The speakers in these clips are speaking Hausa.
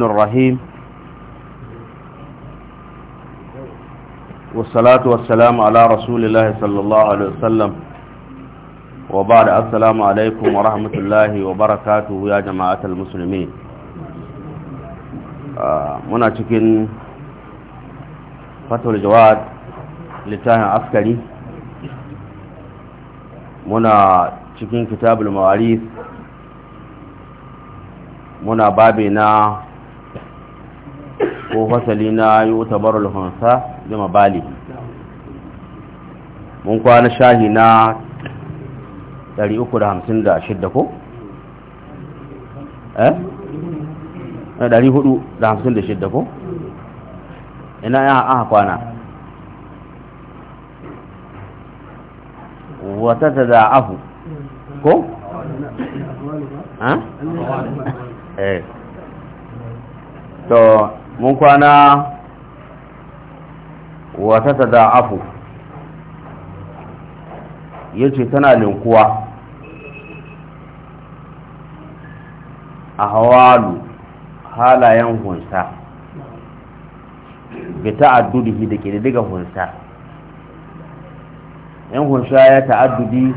الرحيم والصلاة والسلام على رسول الله صلى الله عليه وسلم وبعد السلام عليكم ورحمة الله وبركاته يا جماعة المسلمين muna cikin fatul jawad littafin askari muna cikin kitabul mawaris muna babi na ko fasali na yi wuta barul hansa da mabali mun kwana shahi na 356 ko? eh? 456 ko? ina yan aha kwana wata ta da afu ko? eh, eh. to mun kwana wata ta da'afu ya ce tana linkuwa a hawalu halayen hunsa bi ta'addudihi da ke daga hunsa yan hunsa ya ta'addudi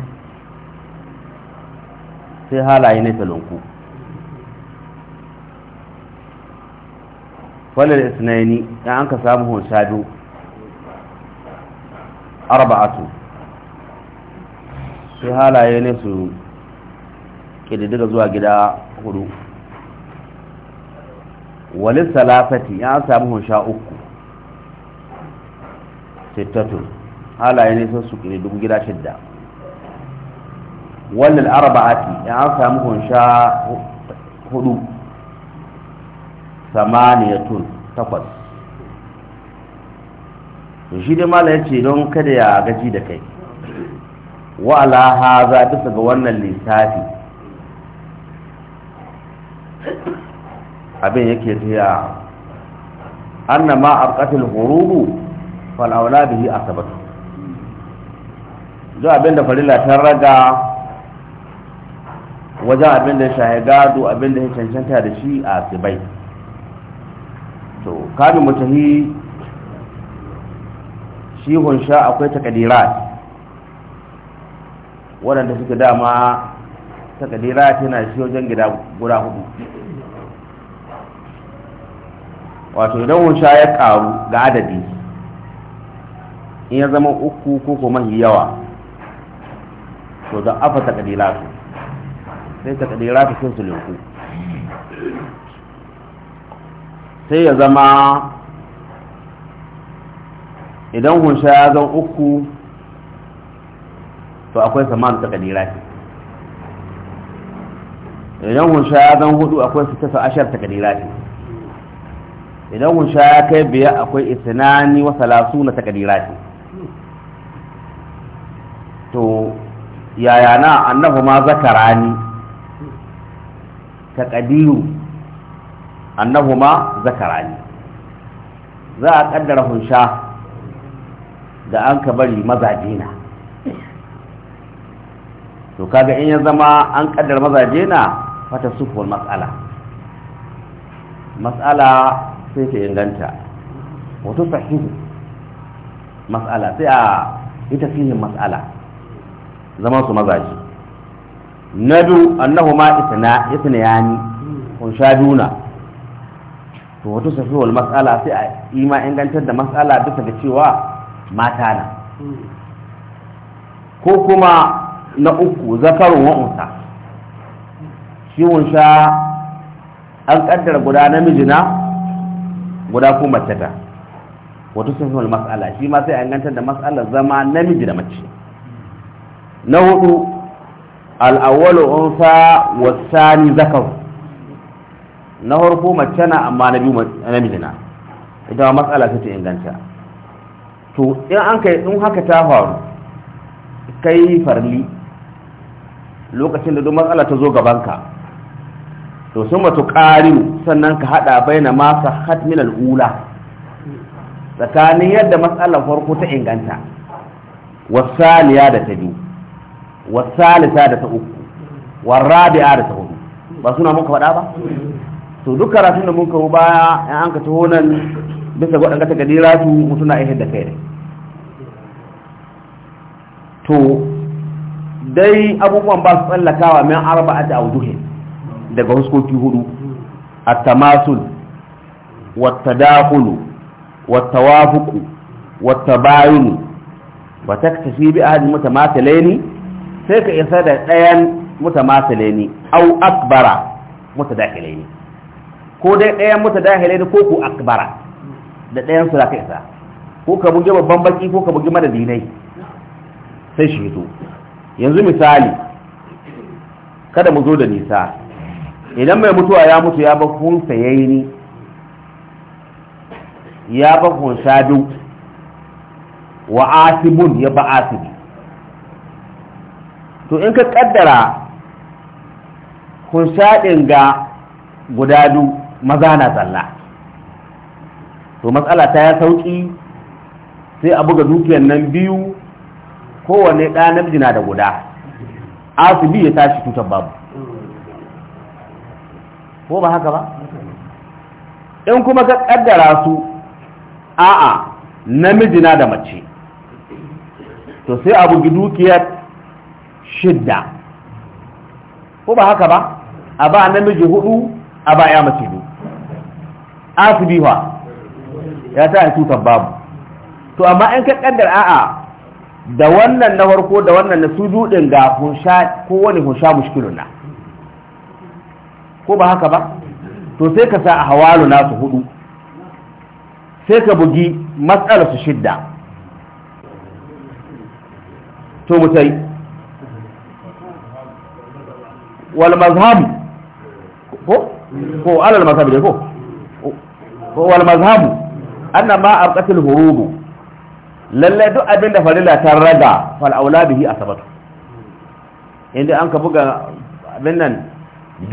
sai halaye na talonku falal isnaini dan an ka samu hunsa biyu arba'atu sai halaye ne su ƙididdiga zuwa gida hudu walin salafati ya samu hunsha uku sittatun halaye ne sun su ƙididdiga gida shidda walin arba'ati ya samu hunsha hudu samaniyatun takwas shi dai mala ya ce don kada ya gaji da kai wa alaha za bisa ga wannan lissafi abin yake tiya anna ma abqatil hurubu fal aula bihi asabatu do abin da farila ta raga wajen abin da shahigado abin da ya cancanta da shi a sibai to kamin mutahi shi sha akwai takadirat waɗanda suke dama takadirat yana shi wajen gida guda hudu wato idan sha ya ƙaru ga adadi in ya zama uku ko kuma yawa to da afa takadirat sai takadirat sun su linku sai ya zama idan hunsha ya zan uku to akwai saman ta kadira ce idan hunsha ya zan hudu akwai su tasa ashar ta kadira ce idan hunsha ya kai biya, akwai itinani wa salasu na ta kadira ce to yaya na annahu ma zakarani ta kadiru annahuma zakarani za a kaddara hunsha da an ka bari mazaje na to kaga in ya zama an kaddara mazaje na fata sufuwar matsala matsala sai ta inganta wato sahihu matsala sai a yi tafihin matsala zama su mazaje na biyu annahuma isna na yani kun sha duna to wato safihul mas'ala sai a yi ma ingantar da mas'ala bisa da cewa mata na ko kuma na uku zakarun wa'unsa ciwon sha an kaddara guda namiji na guda ko mace ta wato safihul mas'ala shi ma sai a ingantar da mas'alar zama namiji da mace na hudu al'awwalu unsa wasani zakaru na farko mace na amma na biyu namiji na ita ma matsala ta ta inganta to in an kai in haka ta faru kai farli lokacin da duk matsala ta zo gabanka to sun matu ƙariru sannan ka haɗa baina masa hatmin al'ula tsakanin yadda matsalar farko ta inganta wasaliya da ta biyu wasalisa da ta uku warrabi'a da ta hudu ba suna muka faɗa ba to duk karatun da mun karu baya in an ka taho nan bisa waɗanda ta gadira su mutuna iya da kai to dai abubuwan ba su tsallakawa min arba'a a auduhe daga huskoki hudu at-tamasul wat-tadakhulu wat-tawafuqu wat-tabayun wa taktafi bi ahad mutamathalaini sai ka isa da ɗayan mutamathalaini au akbara mutadakhilaini ko dai ɗayan mutu dahilai da ku akbara da ɗayan su za isa ko ka buge babban baki ko ka buge mara zinai sai shi hito yanzu misali kada mu zo da nisa idan mai mutuwa ya mutu ya bar hunsa ya yi ni ya bar hunsa biyu wa asibun ya ba asibi to in ka kaddara hunsa ɗin ga guda duk. maza na zalla to matsala ta ya sauki sai a buga dukiyar nan biyu kowane ɗa namiji na da guda asibi ya tashi tutar babu ko ba haka ba in kuma ka ƙaddara su a'a namiji na da mace to sai a bugi dukiyar shidda ko ba haka ba a ba namiji hudu a ba ya mace biyu asibi fa ya ta ya tutar babu to amma in ka kaddar a'a da wannan na farko da wannan na sujudin ga hunsha ko wani hunsha mushkilun na ko ba haka ba to sai ka sa a hawalu nasu hudu sai ka bugi matsalar su shidda to mutai wal mazhabi ko ko alal mazhabi ko wal mazhabu anna ma abqatil hurubu lalle duk abin da farilla ta raga fal auladihi asabatu inda an ka buga abin nan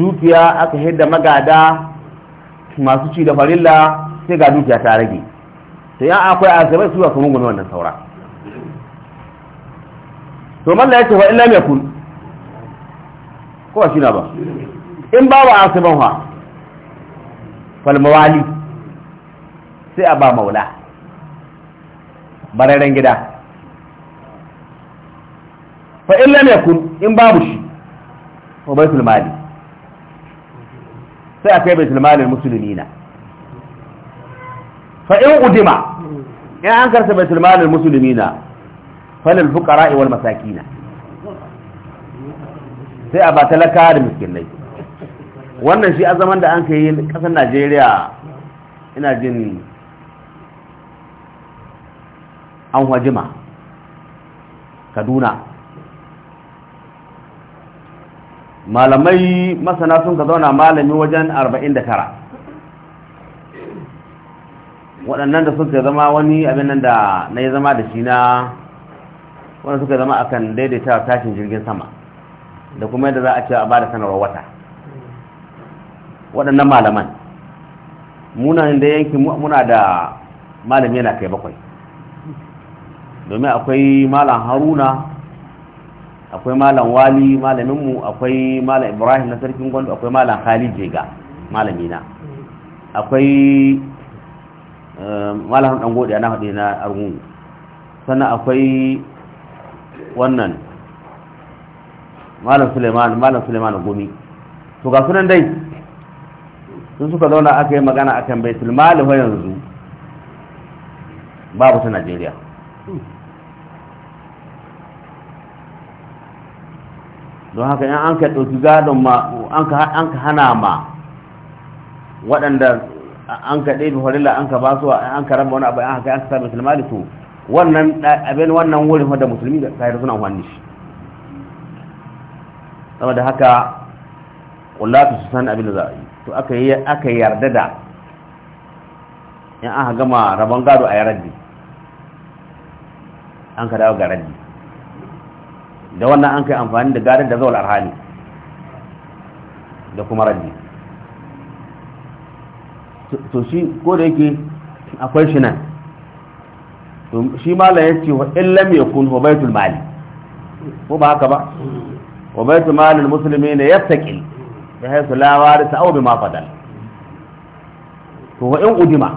dukiya aka hidda magada masu ci da farilla sai ga dukiya ta rage to ya akwai azabai su kuma gune wannan saura to malla yace wa illa yakun ko shi na ba in ba wa asaban falmawali sai a ba maula bararen gida fa in lam yakun in babu shi fa baitul mali sai a kai baitul mali musulmina fa in udima in an karsa baitul mali musulmina fa lil fuqara masaki na sai a ba talaka da miskinai wannan shi azaman da an ka yi kasar najeriya ina jin an hajima kaduna malamai masana sun ka zauna malami wajen 49 waɗannan da suka zama wani abin nan da na yi zama da shi na wanda suka zama akan daidaita tashin jirgin sama da kuma yadda za a ce a ba da sanarwar wata waɗannan malaman munan da yankin muna da malami yana kai bakwai domin akwai malam haruna akwai malam wali malaminmu akwai malam ibrahim na sarkin gwando akwai malam khalid jega malamina akwai eh, malam Ɗangode godiya na haɗe na argungu sannan akwai wannan malam suleiman malam suleiman gomi to ga sunan dai sun suka zauna aka yi magana a kan baitul mali fa yanzu babu ta najeriya don haka yan an ka ɗauki gadon ma an ka hana ma waɗanda an ka ɗaiɗi horila an ka basu an ka raba wani abu an haka an ka sa baitul mali to wannan abin wannan wurin da musulmi da kayar suna wani shi saboda haka kullatu su san abin da za a yi to aka yi aka yarda da in aka gama rabon gado a yaraddi an ka dawo ga raddi da wannan an kai amfani da gadon da zaul arhani da kuma raddi to shi ko da yake akwai shi nan to shi mala ya ce wa illam yakun kun hobaitul mali ko ba haka ba hobaitul mali musulmi ne taƙil da haisu lawari sa'au bi ma fadal to in udima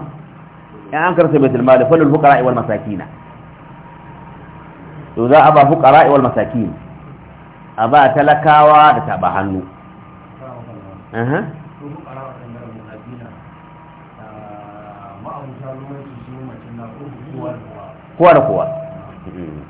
in an karsa baitul mali falul fuqara wal masakina to za a ba fuqara wal masakin a ba talakawa da taba hannu eh kowa da kowa mm-hmm.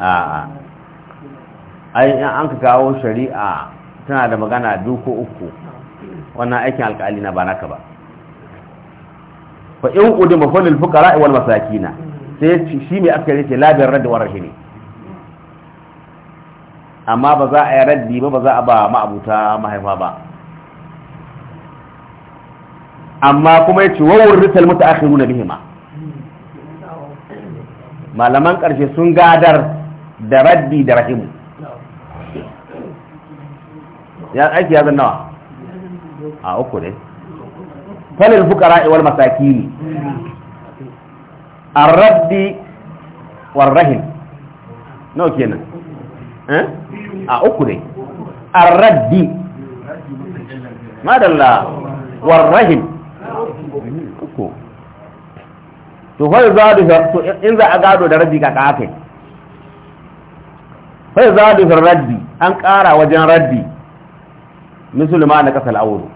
a'a an ka kawo shari'a tana da magana duku uku wannan aikin alkali na ba naka ba fa in udu mafalil fuqara masaki masakina sai shi mai aska yake labin radda warar shi ne amma ba za a yi raddi ba ba za a ba ma'abuta mahaifa ba amma kuma yace wa wurrisal mutaakhiruna bihima malaman karshe sun gadar da raddi da rahimu ya aiki ya zanna a uku ne falil fuqara wal masakin ar-raddi war rahim no kenan eh? a uku ne ar-raddi madalla war rahim to fa za da to in za a gado da raddi ka kafe fa za da raddi an ƙara wajen raddi musulma na kasal auru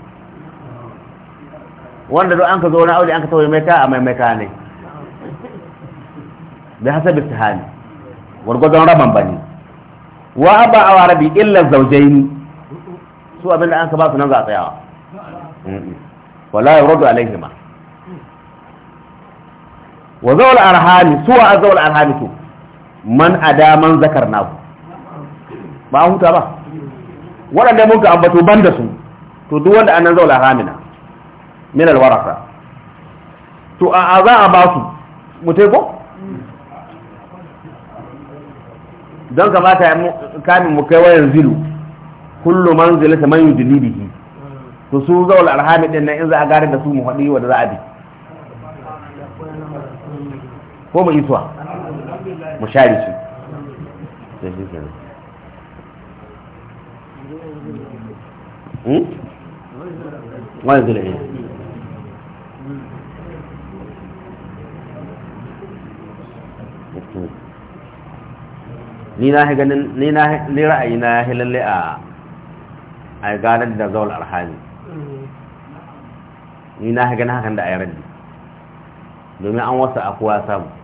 wanda duk an ka zo na aure an ka tawaye mai a mai mai ka ne bi hasabi istihani gwargwadon raban bane wa aba a warabi illa zaujaini su abinda an ka ba su nan za a tsayawa wala yurdu alaihima wa zawal arhami suwa a zawal arhami to man adaman zakar nahu ba a huta ba waɗanda mun ka ambato ban da su to duk wanda annan zawal arhamina min alwarasa to a za a ba su mutai ko don kamata kamin mu kai wayan zilu kullu manzilata man yudli bihi to su zawal arhami din nan in za a gare da su mu haɗi wanda za a bi ko mu isuwa mu share shi hmm? ni na ha ganin ni na ni ra'ayi na hi lalle a a ganar da zaul arhani ni na ha ganin hakan da ayaran domin an wasa akuwa samu